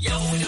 Yo, yo.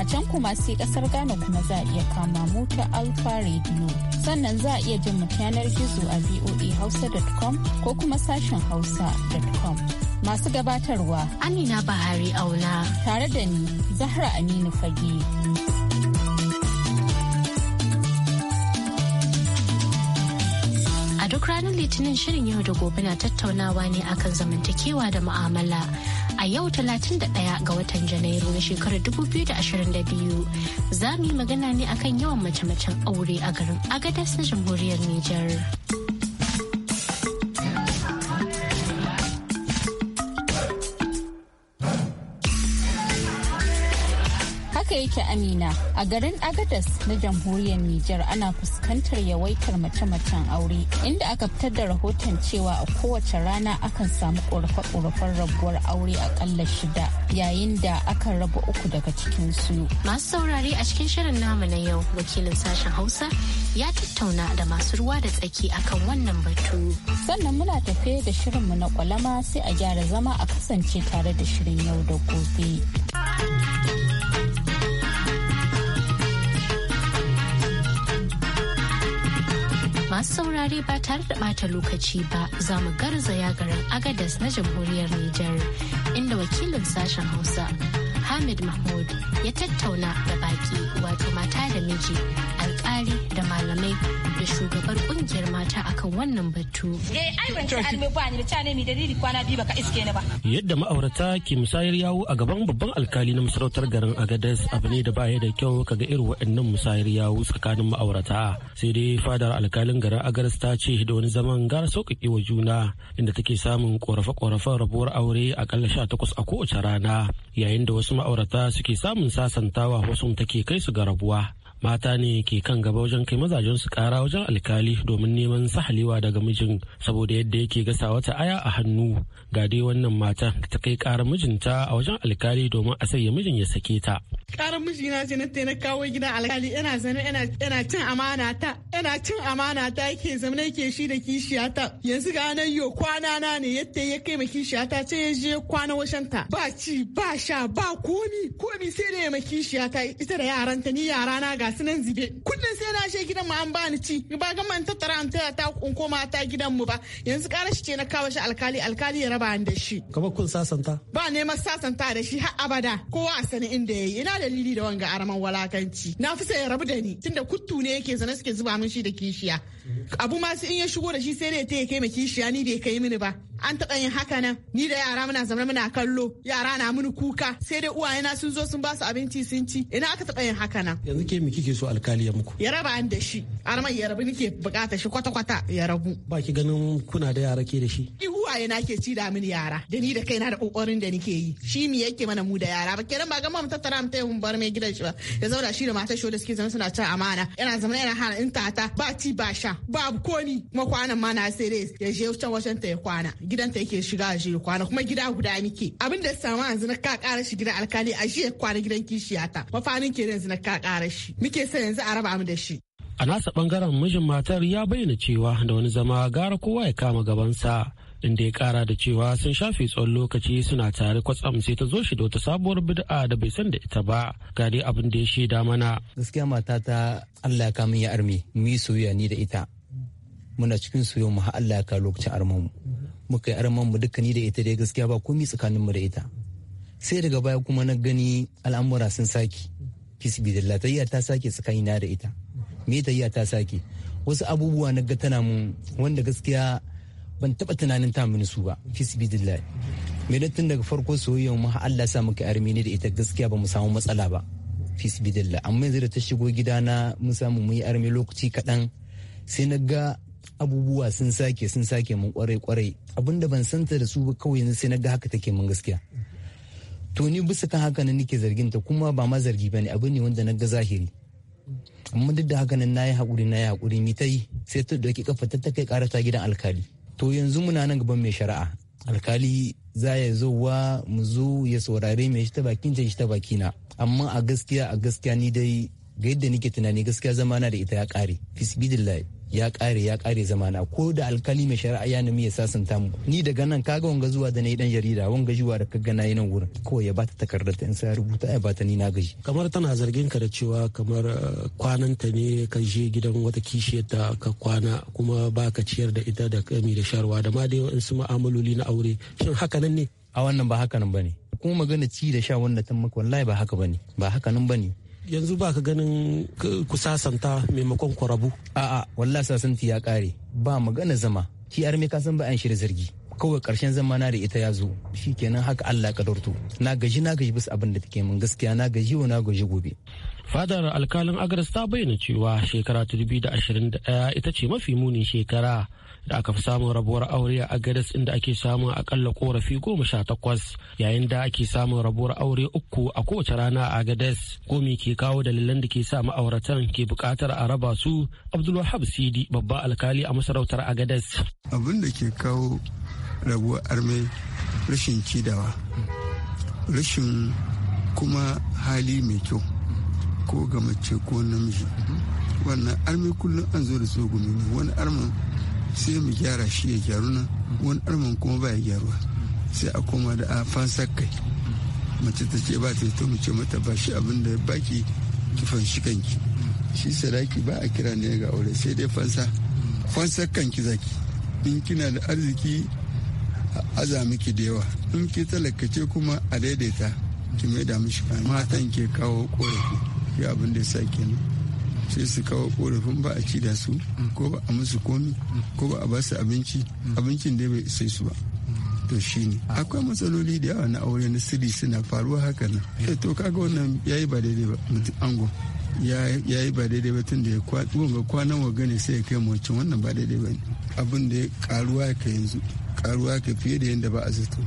A can kuma sai kasar Ghana kuma za a iya kama mota alfa Alpha Radio. Sannan za a iya jin mu yanar gizo a voahausa.com ko kuma sashen hausa.com. Masu gabatarwa Amina Bahari aula Tare da ni Zahra Aminu Fage. duk ranar litinin shirin yau da gobe na tattaunawa ne akan zamantakewa da mu'amala a yau 31 ga watan Janairu na shekarar 2022 za mu yi magana ne akan yawan mace-macen aure a garin Agadas na Jamhuriyar Nijar. yake amina a garin agadas na jamhuriyar nijar ana fuskantar yawaitar mace-macen aure inda aka fitar da rahoton cewa a kowace rana akan samu ƙorafe-ƙorafen rabuwar aure akalla shida yayin da aka raba uku daga cikin su masu saurare a cikin shirin namu na yau wakilin sashen hausa ya tattauna da masu ruwa da tsaki akan wannan batu sannan muna tafe da shirinmu na kwalama sai a gyara zama a kasance tare da shirin yau da gobe. masu saurare ba tare da ɓata lokaci ba za mu garzaya garin agadas na jamhuriyar Nijar inda wakilin sashen Hausa Hamid Mahmud ya tattauna da baki wato mata da miji alkali da malamai da shugabar kungiyar mata akan wannan batu. Eh ban ci ba ni ta ne mi dalili kwana biyu baka iske ni ba. Yadda ma'aurata ke musayar yawo a gaban babban alkali na masarautar garin Agadez abu ne da baya da kyau kaga irin waɗannan musayar yawo tsakanin ma'aurata. Sai dai fadar alkalin garin Agadez ta ce da wani zaman gara sauƙaƙe wa juna inda take samun ƙorafe-ƙorafen rabuwar aure akalla takwas a kowace rana yayin da wasu ma'aurata suke samun sasantawa wasu take kai su ga rabuwa mata ne ke kan gaba wajen kai mazajen su kara wajen alkali domin neman sahalewa daga mijin saboda yadda yake gasa wata aya a hannu ga dai wannan mata ta kai karar mijinta a wajen alkali domin a sanya mijin ya sake ta karar mijina ce na na kawo gida alkali ina zane ina cin amana ta ina cin amana ta yake zama yake shi da kishiya ta yanzu ga nan yo kwana na ne yadda ya kai ma ta ce ya je kwana ta ba ci ba sha ba komi komi sai da ya ma ta ita da yaran ta ni yara na ga su nan zube kullum sai na she gidan mu an ba ni ci ba ga man tattara an ta ta kun koma ta gidan mu ba yanzu karashi shi ce na kawo shi alkali alkali ya raba an da shi kamar kun sasanta ba neman sasanta da shi har abada kowa a sani inda yayi ina dalili da wanga araman walakanci na fi sai ya rabu da ni tunda kuttu ne yake zana suke zuba min shi da kishiya abu ma su in ya shigo da shi sai ne ta ya kai ma kishiya ni bai kai mini ba an taɓa yin haka nan ni da yara muna zama muna kallo yara na mini kuka sai dai na sun zo sun ba su abinci sun ci ina aka taɓa yin haka nan yanzu ke miki kike so alkali ya muku ya raba an da shi arman ya rabu nike bukata shi kwata kwata ya rabu ba ki ganin kuna da yara ke da shi ni na ke ci da mini yara da ni da kaina da kokarin da nike yi shi mi yake mana mu da yara ba kenan ba ga mamta tara mu tayi mun bar mai gidan shi ba ya zauna shi da matar shi da suke zama suna cin amana yana zama yana hana in tata ba ci ba sha babu ko ni makwanan ma na sai dai ya je can wajen ta ya kwana gidanta yake shiga a jiya kwana kuma gida guda muke abin da samu yanzu na ka kara shi gidan alkali a jiya kwana gidan kishiyata mafanin kenan yanzu na ka kara shi muke sai yanzu a raba mu da shi a nasa bangaren mijin matar ya bayyana cewa da wani zama gara kowa ya kama gabansa inda ya kara da cewa sun shafe tsawon lokaci suna tare kwatsam sai ta zo shi da wata sabuwar bid'a da bai san da ita ba ga dai abin da ya shaida mana gaskiya ta Allah ya kamun ya arme mu yi soyayya ni da ita muna cikin soyayya mu har Allah ya ka lokacin armanmu muka yi araman mu dukkani da ita dai gaskiya ba komi tsakanin mu da ita sai daga baya kuma na gani al'amura sun sake fisbidillah ta sake na da ita me iya ta sake wasu abubuwa na ga tana mun wanda gaskiya ban taba tunanin ta mini su ba fisbidillah me da tun daga farko soyayyar mu Allah sa muka yi da ita gaskiya ba mu samu matsala ba fisbidillah amma yanzu da ta shigo gidana mun samu mu yi arme lokaci kaɗan sai na ga abubuwa sun sake sun sake mun kwarai kwarai abinda ban santa da su ba kawai yanzu sai na ga haka take mun gaskiya to ni bisa kan haka nan nake zargin ta kuma ba ma zargi bane abu ne wanda na ga zahiri amma duk da haka nan nayi hakuri nayi hakuri mi tai sai ta dauki kafa ta kai karata gidan alkali to yanzu muna nan gaban mai shari'a alkali za ya zo wa mu zo ya saurare mai shi ta bakin ta shi ta bakina amma a gaskiya a gaskiya ni dai ga yadda nake tunani gaskiya zama na da ita ya kare fisbidillahi ya ƙare ya kare zamana ko da alkali mai shari'a ya nemi ya sasanta mu ni daga nan kaga wanga zuwa da yi dan jarida wanga zuwa da kaga yi nan wurin ko ya bata takardar ta in sai rubuta ya bata ni na gaji kamar tana zargin ka da cewa kamar eh, kwanan ta ne ka je gidan wata kishiyar ta ka kwana kuma baka ciyar da ita da kami da sharwa da ma dai wasu ma'amaloli na aure shin haka nan ne a wannan ba haka nan bane kuma magana ci da sha wanda ta maka wallahi ba haka bane ba haka nan bane yanzu ba ka ganin ku sasanta maimakon kwarabu. A'a, walla sasanti ya kare ba magana zama. Shi arme ka san ba an shirya zargi. kawai karshen zama na da ita ya zo shi kenan haka Allah kadurtu na gaji na gaji bisa abin da take min gaskiya na gaji wa na gaji gobe fadar alkalin agras ta bayyana cewa shekara 2021 ita ce mafi munin shekara da aka fi samun rabuwar aure a gadas inda ake samun akalla korafi goma sha takwas yayin da ake samun rabuwar aure uku a kowace rana a gadas gomi ke kawo dalilan da ke sa ma'auratan ke bukatar a raba su abdulwahab sidi babba alkali a masarautar gadas abin da ke kawo rabuwar arme rashin cidawa rashin kuma hali mai kyau ko ga mace ko namiji wannan arme kullum an zo da tsogumi wani armin sai mu gyara shi ya gyaru nan wani arman kuma ba ya gyaruwa sai a koma da a fansa kai mace ta ce ba ta to mu ce mata ba shi abin da baki ki shi kanki shi sadaki ba a kira ne ga aure sai dai fansa fansa kanki zaki in kina da arziki aza miki da yawa in ki talakace kuma a daidaita ki mai da mishi matan ke kawo korafi ya abin da ya sa kenan sai su kawo korafin ba a ci da su ko ba a musu komi ko ba a ba su abinci abincin da bai sai su ba to ne akwai matsaloli da yawa na aure na sirri suna faruwa haka nan eh, to kaga wannan yayi ba daidai ba mutum ango ya yi ba daidai ba tun da ya kwanan wa ne sai ya kai mocin wannan ba daidai ba ne abin da ya karuwa ka yanzu karuwa ka fiye da yadda ba a zato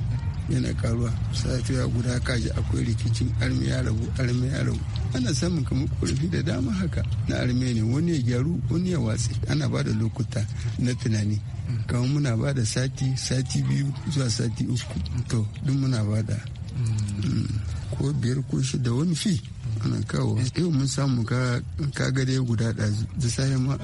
yana karuwa safiya guda kaji akwai rikicin armi ya rabu armi ya rabu ana samun kamar korafi da dama haka na ne wani ya gyaru wani ya watsi ana ba da lokuta na tunani kamar muna ba da sati sati biyu zuwa sati uku to duk muna ba da mm, ko biyar ko shida wani fi ana kawo yau mun samu ka gare guda ɗazu da sayan ma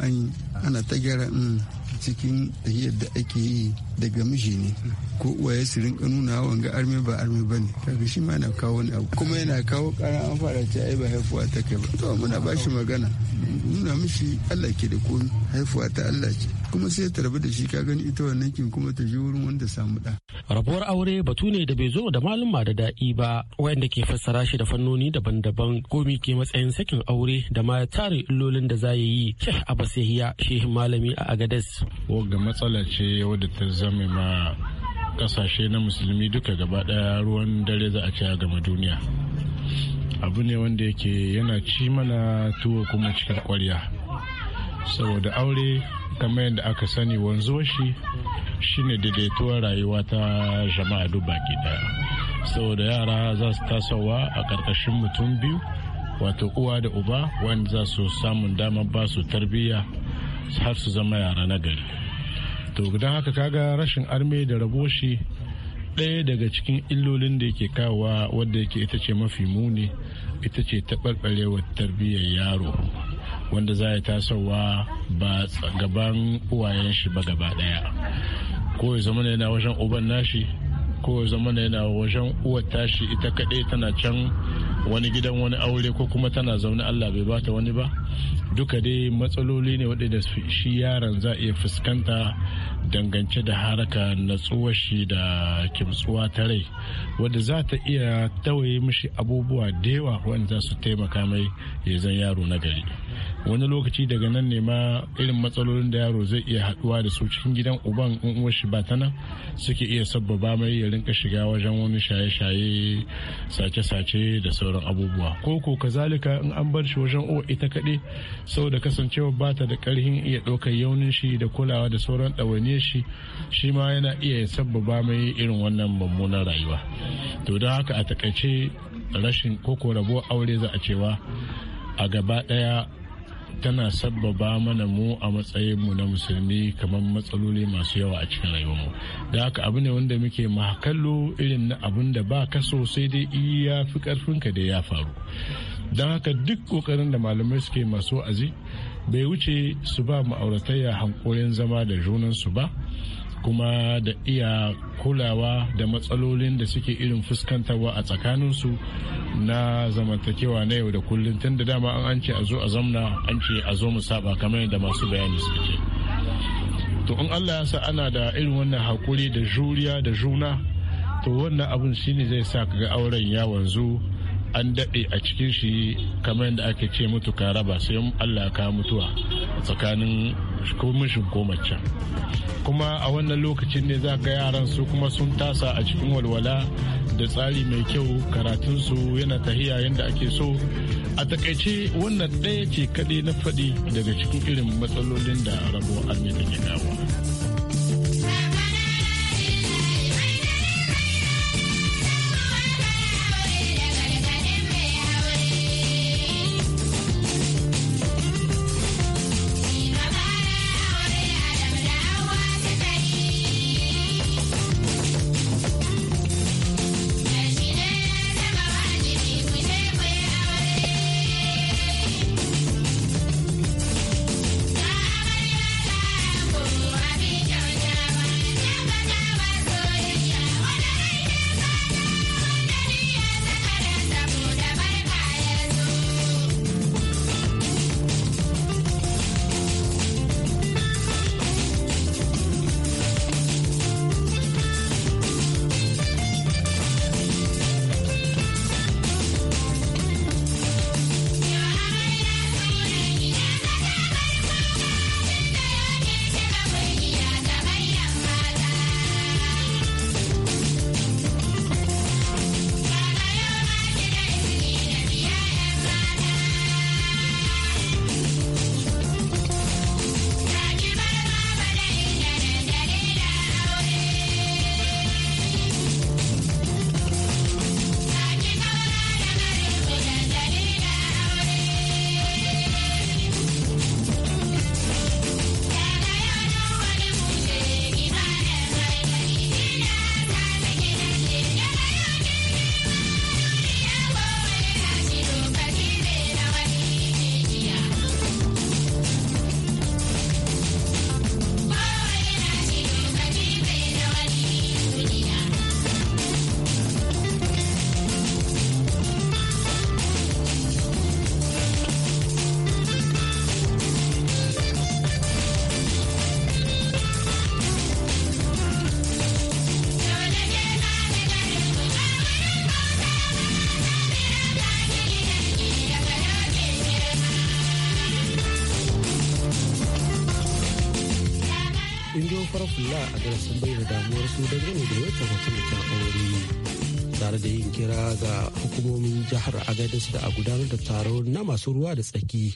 ana ta gyara mm, cikin tahiyar da ake yi daga miji ne ko uwaye su rinka nuna wanga arme ba arme ba ne kaga shi ma na kawo wani abu kuma yana kawo kara an fara ta ai ba haifuwa ta kai ba to muna ba shi magana nuna mishi Allah ke da komi haifuwa ta Allah ce kuma sai ta rabu da shi ka gani ita wannan kin kuma ta je wurin wanda samu da rabuwar aure batu ne da bai zo da malama da daɗi ba wayanda ke fassara shi da fannoni daban-daban komi ke matsayin sakin aure da ma tare illolin da za yi sheh abbas yahiya malami a agades ga matsala ce wadda ta zama ma kasashe na musulmi duka gaba daya ruwan dare za a ci a gama duniya abu ne wanda yake yana ci mana tuwo kuma cikin kwarya saboda aure kamar yadda aka sani wanzuwa shi shine daidaituwar rayuwa ta jama'a duk baki daya saboda yara za su tasowa a ƙarƙashin mutum biyu wato uwa da uba wanda za su samun damar ba su tarbiyya har su zama yara na gari to gudan haka kaga rashin arme da rabo shi ɗaya daga cikin illolin da yake kawowa wadda yake ita ce mafi muni ita ce taɓarɓarewar tarbiyyar yaro wanda za ya tasowa ba gaban uwayen shi ba gaba daya ko ya zama yana wajen uban nashi ko ya zama yana wajen uwar tashi ita kaɗai tana can wani gidan wani aure ko kuma tana zaune allah bai bata wani ba duka dai matsaloli ne waɗanda shi yaron za iya fuskanta dangance da haraka natsuwar shi da kimtsuwa ta rai wadda za ta iya tawaye mishi abubuwa da yawa wanda za su taimaka mai ya zan yaro na gari wani lokaci daga nan ne ma irin matsalolin da yaro zai iya haduwa da su cikin gidan uban in uwar shi ba ta nan suke iya sabbaba mai ya rinka shiga wajen wani shaye-shaye sace-sace da sauran abubuwa ko ko kazalika in an bar shi wajen uwa ita kaɗai saboda kasancewa ba ta da karhin iya ɗaukar yaunin shi da kulawa da sauran ɗawainiyar shi shi ma yana iya sabbaba mai irin wannan mummunan rayuwa to don haka a takaice rashin koko rabuwar aure za a cewa a gaba ɗaya tana sabbaba mana mu a matsayin mu na musulmi kamar matsaloli masu yawa a cikin mu da haka abu ne wanda muke kallo irin na abun da ba ka so sai dai iya fi karfinka da ya faru don haka duk kokarin da malamai suke masu azi bai wuce su ba ma'auratayya hankorin zama da junansu ba kuma da iya kulawa da matsalolin da suke irin fuskantarwa a tsakaninsu na zamantakewa na yau da kullum tun da dama an ce a zo a zamna an ce a zo mu saba kamar da masu bayani suka ce to in allah ya sa ana da irin wannan hakuri da juriya da juna to wannan abun shine zai sa ga auren ya wanzu an daɗe a cikin shi kamar yadda ake ce mutu ka raba sai allah ka mutuwa tsakanin ko ko mace kuma a wannan lokacin ne za ga yaran su kuma sun tasa a cikin walwala da tsari mai kyau karatunsu yana tahiya yadda ake so a takaice wannan ɗaya ce kaɗai na faɗi daga cikin irin matsalolin da rabuwar armi ke kawo abdullah a garin sun bayyana damuwar dangane da wacce mace mutum aure tare da yin kira ga hukumomin jihar agadis da a gudanar da taro na masu ruwa da tsaki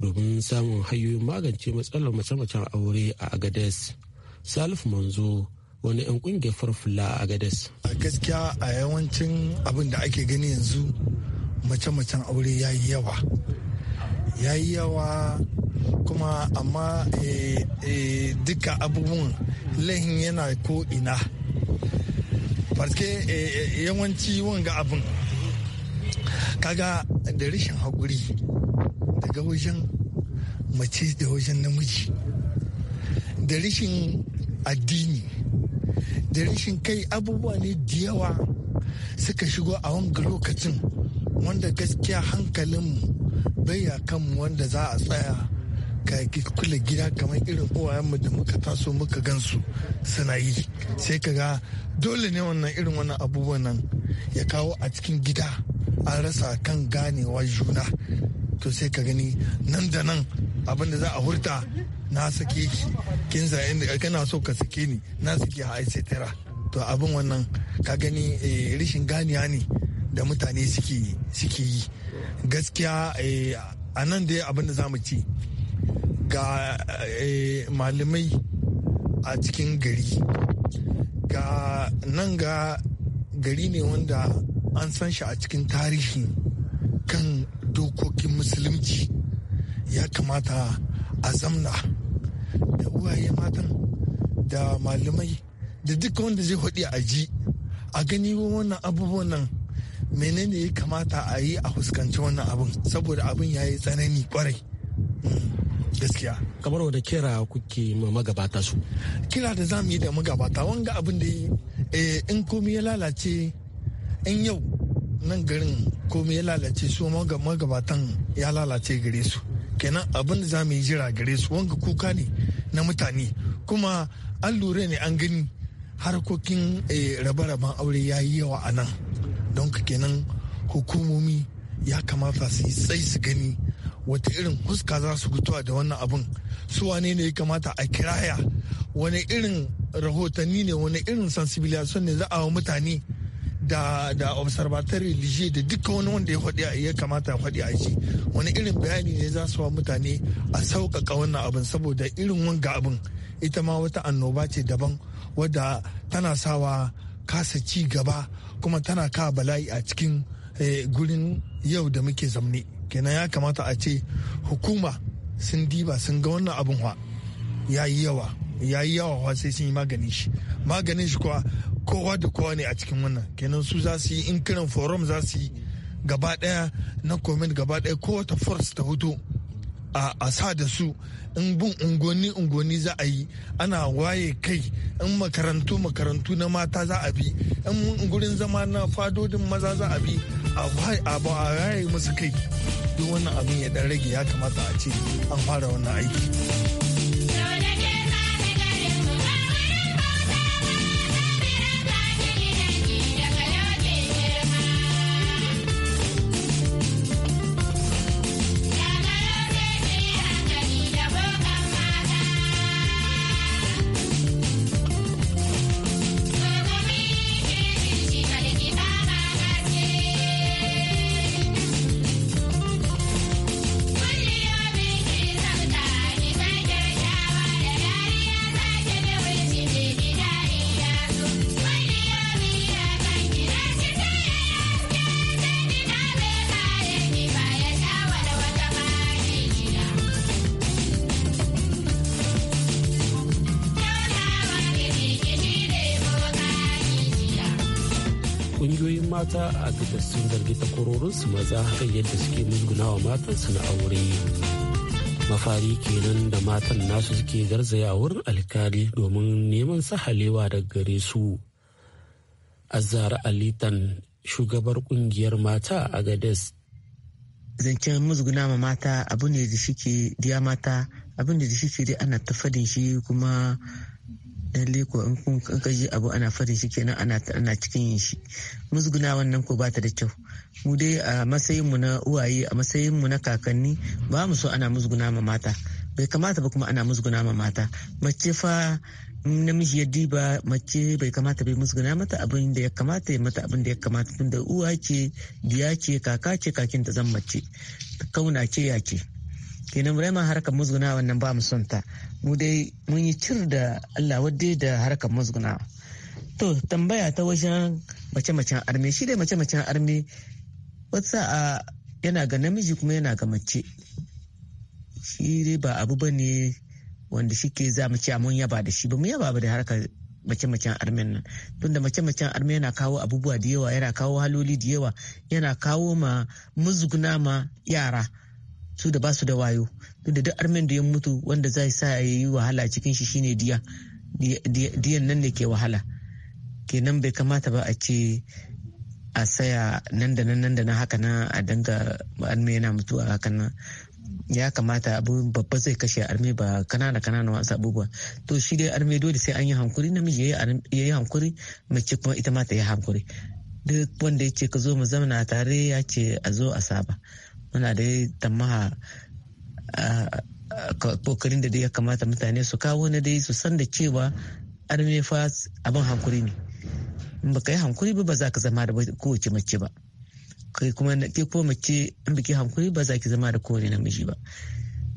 domin samun hanyoyin magance matsalar mace-macen aure a agadis salif manzo wani 'yan kungiyar farfula a agadis a gaskiya a yawancin abin da ake gani yanzu mace-macen aure ya yawa ya yi yawa kuma amma eh, eh, duka abubuwan lahin yana ko ina farke eh, yawanci wanga abin kaga da rashin haƙuri daga wajen mace da wajen namiji da rashin addini da rashin kai abubuwa ne da yawa suka shigo a wanga lokacin wanda gaskiya hankalinmu bai kan wanda za a tsaya kula gida kamar irin uwayenmu da muka taso muka gansu suna yi sai ka ga dole ne wannan irin wannan abubuwan nan ya kawo a cikin gida an rasa kan ganewa juna to sai ka gani nan da nan abin da za a hurta na sake ki kin sa inda kana so ka sake ni na sake a sai tara to abin wannan ka gani eh, rishin ganiya ne da mutane suke yi gaskiya eh, a nan dai abin da za mu ci ga eh, malamai a cikin gari ga nan ga gari ne wanda an san shi a cikin tarihi kan dokokin musulunci ya kamata a zamna da uwaye matan da malamai da duka wanda zai hudu a ji a gani wannan abubuwan nan menene ya kamata a yi a fuskanci wannan abin saboda abin ya yi tsanani kwarai gaskiya kamar wanda kira kuke ma magabata su kira da za mu yi da magabata wanga abin da eh, in komi ya lalace in yau nan garin komi ya lalace su magabatan ya lalace gare su kenan abin da za mu yi jira gare su wanga kuka ne na mutane kuma an lura ne an gani harkokin eh, rabe-raben aure ya yi yawa a nan don kenan hukumomi ya kamata su yi sai su gani wata irin huska za su gutuwa da wannan abin su wane ne ya kamata a kiraya wani irin rahotanni ne wani irin sensibilisation ne za a wa mutane da da observatory lije da duka wani wanda ya faɗi ya kamata ya faɗi a shi wani irin bayani ne za su wa mutane a sauƙaƙa wannan abin saboda irin wanga abin ita ma wata annoba ce daban wadda tana sawa kasa ci gaba kuma tana ka bala'i a cikin eh, gurin yau da muke zamani. kenan ya kamata a ce hukuma sun diba sun ga wannan abin wa ya yi yawa ya yi yawa sai sun yi maganin shi maganin shi kuwa kowa da kowa ne a cikin wannan kenan su za su yi in kiran forum za su yi gaba daya na komen gaba daya wata force ta hoto a sa da su in bin ungoni ungoni za a yi ana waye kai in makarantu makarantu na mata za a bi in gurin zama na fadodin maza za a bi abu a raye musu kai duk wannan abin ya dan rage ya kamata a ce an fara wannan aiki mata a twitter sun zargi takwarorinsu maza kan yadda suke musgunawa su na aure mafari kenan da matan nasu suke garzaya wurin alkali domin neman sahalewa da gare su azara alitan shugabar kungiyar mata a gades zancen musguna ma mata abu ne da shike diya mata abin da shike dai ana tafadin shi kuma lalle ko in ka ji abu ana farin shi kenan ana cikin yin shi musguna wannan ko ba ta da kyau mu dai a matsayin mu na uwaye a matsayin mu na kakanni ba mu so ana musguna ma mata bai kamata ba kuma ana musguna ma mata mace fa namiji ya diba mace bai kamata bai musguna mata abin da ya kamata ya mata abin da ya kamata tunda uwa ce biya ce kaka ce kakin ta zan mace kauna ce ya ce kenan vraiment harkar musguna wannan ba mu son ta mu dai mun yi cir da Allah wadde da harkar musguna to tambaya ta wajen mace-macen arme shi dai mace-macen arme wata a yana ga namiji kuma yana ga mace shi dai ba abu ba ne wanda shi ke za mu ci mun yaba da shi ba mu yaba ba da harkar mace-macen armen nan tunda mace-macen arme yana kawo abubuwa da yawa yana kawo haloli da yawa yana kawo ma muzguna ma yara su da basu da wayo tunda duk armen da ya mutu wanda zai sa ya yi wahala cikin shi shine diya diyan nan ne ke wahala kenan bai kamata ba a ce a saya nan da nan nan da nan haka nan a danga arme yana mutuwa haka nan ya kamata abu babba zai kashe arme ba kanana kanana wasu abubuwa to shi dai arme dole sai an yi hankuri namiji ya yi hankuri mace kuma ita ma ta yi hankuri duk wanda ya ce ka zo mu zamana tare ya ce a zo a saba muna da tamaha kokarin da dai ya kamata mutane su kawo na dai su san da cewa arme fa abin hankuri ne in baka yi hankuri ba ba za ka zama da kowace mace ba kai kuma ke ko mace in baki hankuri ba za ki zama da kowane namiji ba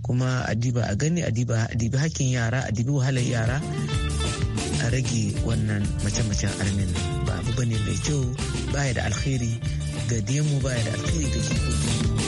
kuma adiba a gani adiba adibi hakkin yara adibi wahalar yara a rage wannan mace-macen armin ba abu bane mai kyau baya da alkhairi ga demu baya da alkhairi ga jikokin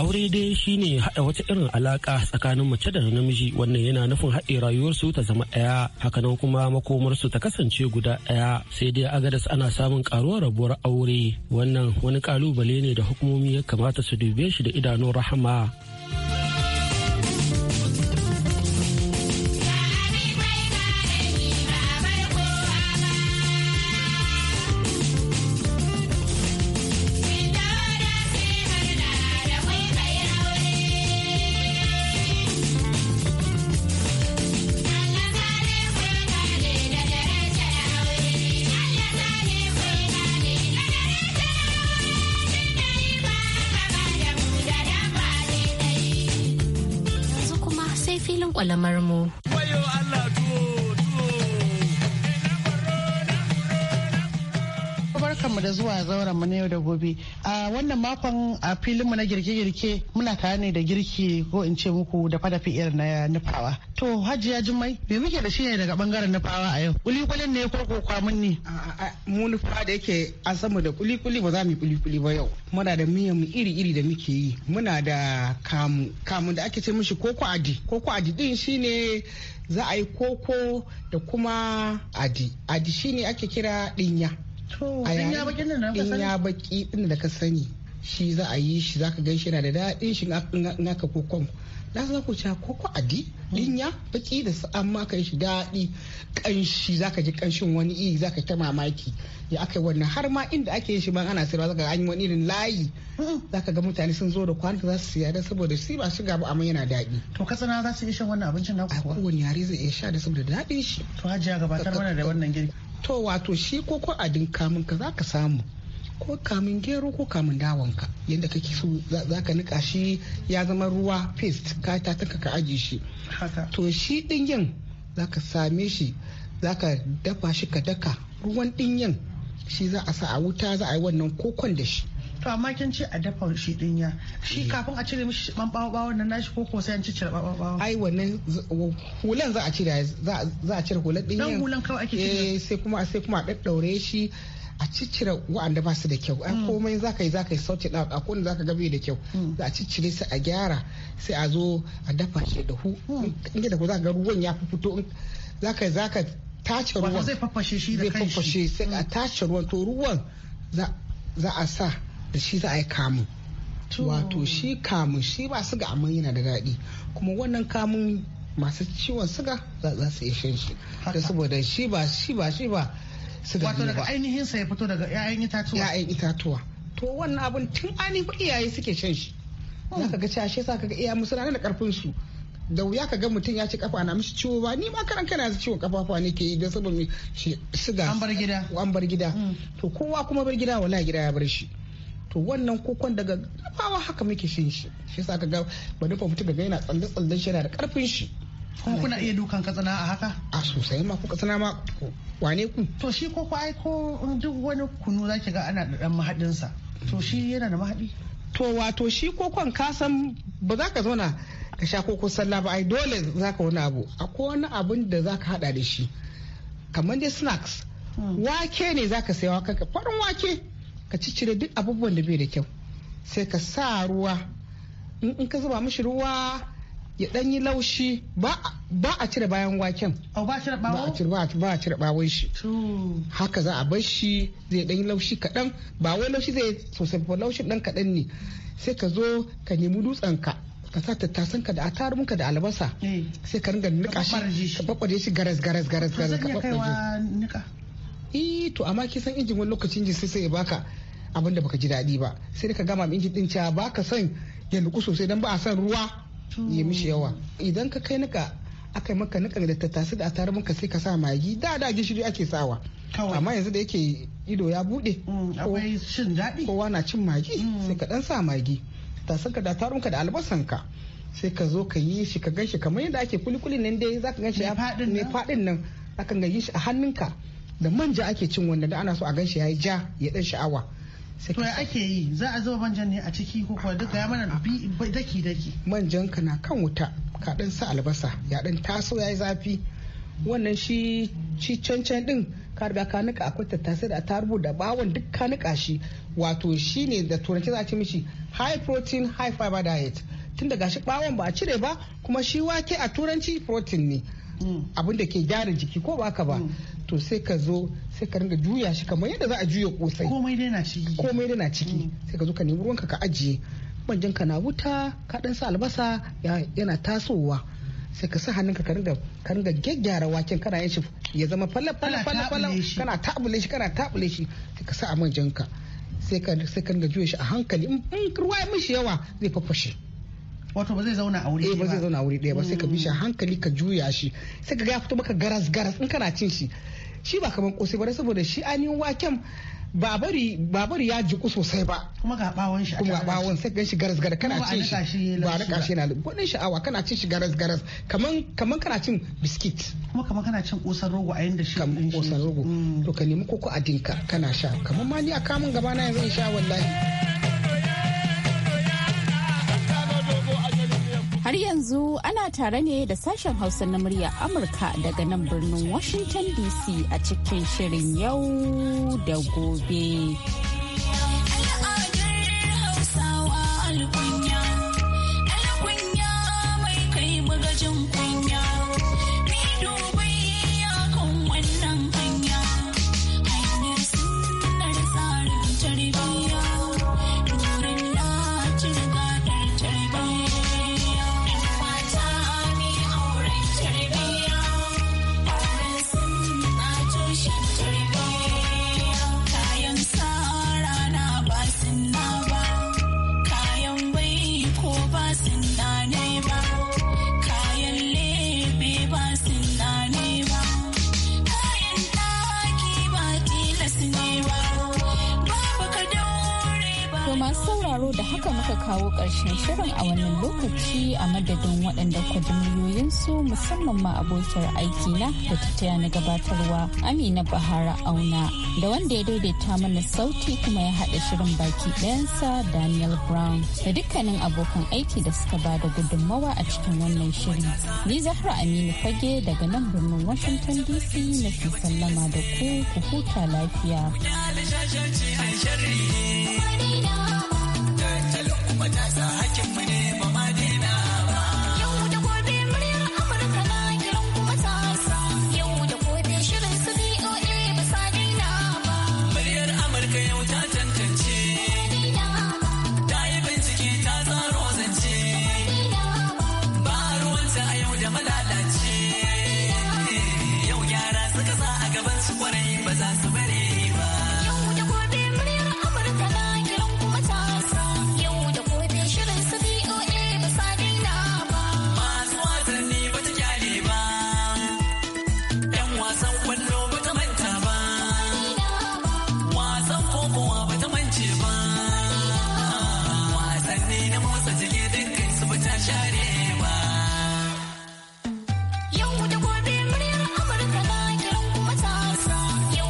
aure dai shine haɗa wata irin alaƙa tsakanin mace da namiji wannan yana nufin haɗe rayuwarsu ta zama ɗaya hakanan kuma makomarsu ta kasance guda ɗaya sai dai agadas ana samun ƙaruwar rabuwar aure wannan wani ƙalubale ne da hukumomi ya kamata su dube shi da idanun rahama mu da zuwa zauren mu na yau da gobe. A wannan makon a filin mu na girke-girke muna tare ne da girki ko in ce muku da fadafi irin na nufawa. To Hajiya Jummai me muke da shi ne daga bangaren nufawa a yau? Kulikulin ne ko ko kwamin ne? Mu da yake a sama da kulikuli ba za mu yi kulikuli ba yau. Muna da miyan mu iri-iri da muke yi. Muna da kamu kamu da ake ce mishi koko adi. Koko adi din shine za a yi koko da kuma adi. Adi ne ake kira dinya. a in ya baki din da ka sani shi za a yi shi za ka ganshi yana da daɗin shi na ka kwan na za ku ca koko adi dinya mm. baki da sa'an ma ka shi daɗi kanshi za ka ji kanshin wani iri za ka ta mamaki ya aka yi wannan har ma inda ake shi ma ana sayarwa za ka an yi wani irin layi mm. za ka ga mutane sun zo da kwanuka za su siya da saboda shi ba shiga ba amma yana daɗi. to kasana za su yi shan wannan abincin na kuwa. a kowane yare zai iya sha da saboda daɗin shi. to hajiya gabatar mana da wannan girki. to wato shi ko ko adin kamun ka zaka samu ko kamun gero ko kamun dawanka yadda kake so za ka nika shi ya zama ruwa paste ka ta ka aji shi to shi dinyan za ka same shi za ka dafa shi ka daka ruwan dinyan shi za a sa a wuta za a yi wannan kokon da shi to amma kin ce a dafa shi dinya shi mhm. kafin a cire mishi ban bawo bawo nan nashi ko ko sai an cire bawo bawo ai wannan hulan za a cire za a cire hulan dinya dan hulan kawai ake cire eh sai kuma sai kuma a daddaure shi a ciccire wa'anda ba su da kyau a mm. komai za ka yi za ka yi sauti da a kowane za ka gabe da kyau mm. za a ciccire su a gyara sai a zo a dafa shi da hu inda da ku za ka ga ruwan ya fito za ka za ka tace ruwan zai fafashe shi da kanshi zai fafashe sai a mm. tace ruwan to ruwan za a sa da shi za a yi kamun wato shi kamun shi ba suga amma yana da daɗi kuma wannan kamun masu ciwon suga za su iya shan shi da saboda shi ba shi ba shi ba suga wato daga ainihin sa ya fito daga 'ya'yan itatuwa 'ya'yan itatuwa to wannan abun tun ani ba iyaye suke shan shi hmm. Za ka ga cewa shi ka ga iya musu da karfin su da wuya ka ga mutum ya ci kafa na mishi ciwo ba ni ma karan kana ciwon kafafuwa ne ke yi don saboda shiga an bar gida an bar gida hmm. to kowa kuma bar gida wala gida ya bar shi to wannan kukon daga bawa haka muke shi shi shi sa kaga ba fa mutu daga yana tsalle tsalle shi yana da karfin shi kuma kuna iya dukan katsina a haka a sosai ma ku katsina ma wane ku to shi ko ku ai ko duk wani kunu zaki ga ana da dan mahadin sa to shi yana da mahadi to wato shi kokon ka san ba za ka zauna ka sha koko sallah ba ai dole za ka wani abu akwai wani abun da za ka hada da shi kamar dai snacks hmm. wake ne za ka sayawa kanka farin wake ka ciccire duk abubuwan da bai da kyau sai ka sa ruwa in ka zuba mishi ruwa ya dan yi laushi ba a cire bayan waken oh, ba a cire bawon shi haka za a bar shi zai dan yi laushi kaɗan ba wai laushi zai sosai ba laushin dan kaɗan ne sai ka zo ka nemi dutsen ka ka sa tattasan ka da atarumin ka da albasa eh. sai ka ringa nika shi ka babbaje shi garas garas garas garas ka babbaje eh to amma kisan injin wani lokacin ji sai sai ya baka abin da baka ji daɗi ba sai ka gama injin din cewa baka son ya nuku sosai dan ba a son ruwa ya mishi yawa idan ka kai nika aka maka nika da tattasai da tare ka sai ka sa magi da da gishiri ake sawa amma yanzu da yake ido ya bude mm, akwai cin daɗi kowa na cin magi mm. sai ka dan sa magi tasanka da ka da albasanka sai ka zo ka yi shi ka ganshi kamar yadda ake kulikuli nan dai za ka ganshi ya faɗin nan akan ga yi shi a hannunka da manja ake cin wanda da ana so a ganshi ya yi ja ya dan sha'awa to ya ake yi za a zuba manjan ne a ciki ko kuwa duka ya mana daki daki manjan ka na kan wuta ka dan sa albasa ya dan taso yayi zafi wannan shi ci cancan din ka riga ka nika akwai tattasai da ta da bawon duk ka nika shi wato shi ne da turanci za a ce mishi high protein high fiber diet tun daga shi bawon ba a cire ba kuma shi wake a turanci protein ne mm. abin da ke gyara jiki ko baka ba to sai ka zo sai ka ringa juya shi kamar yadda za a juya kosai komai dai na ciki komai dai na ciki mm. sai ka zo ka nemi ruwanka ka ajiye manjan ka na wuta ka dan sa albasa yana tasowa sai ka sa hannunka ka ringa ka ringa gyaggyara waken kana yin shi ya zama falla falla falla falla kana tabule shi kana tabule shi sai ka sa a manjan ka sai ka sai ka ringa juya shi a hankali in ruwa ya mishi yawa zai fafashe wato ba zai zauna a wuri eh, ɗaya ba zai zauna a wuri ɗaya ba sai ka bi shi a mm. hankali ka juya shi sai ka ga ya fito maka garas garas in kana cin shi shi ba kamar kosai ba saboda shi ainihin waken babari babari ya jiku sosai ba kuma ga bawon shi kuma ga bawon sai gan shi garas garas kana cin shi ba na kashi na gwanin sha'awa kana cin shi garas garas kaman kaman kana cin biskit kuma kaman kana cin kosan rogo a yanda shi kaman kosan rogo mm. to ka nemi koko a dinka kana sha kaman ma ni a kamun gaba na yanzu in sha wallahi ana tare ne da sashen Hausa na murya Amurka daga nan birnin Washington DC a cikin shirin yau da gobe. shirin a wannan lokaci a madadin waɗanda su musamman ma abokiyar aikina da ta taya na gabatarwa Amina Bahara Auna da wanda ya daidaita mana sauti kuma ya haɗa shirin baki ɗayansa Daniel Brown da dukkanin abokan aiki da suka ba da gudunmawa a cikin wannan shiri. Ni Zahra Aminu Fage daga nan birnin Washington DC na ke sallama da ku ku huta lafiya.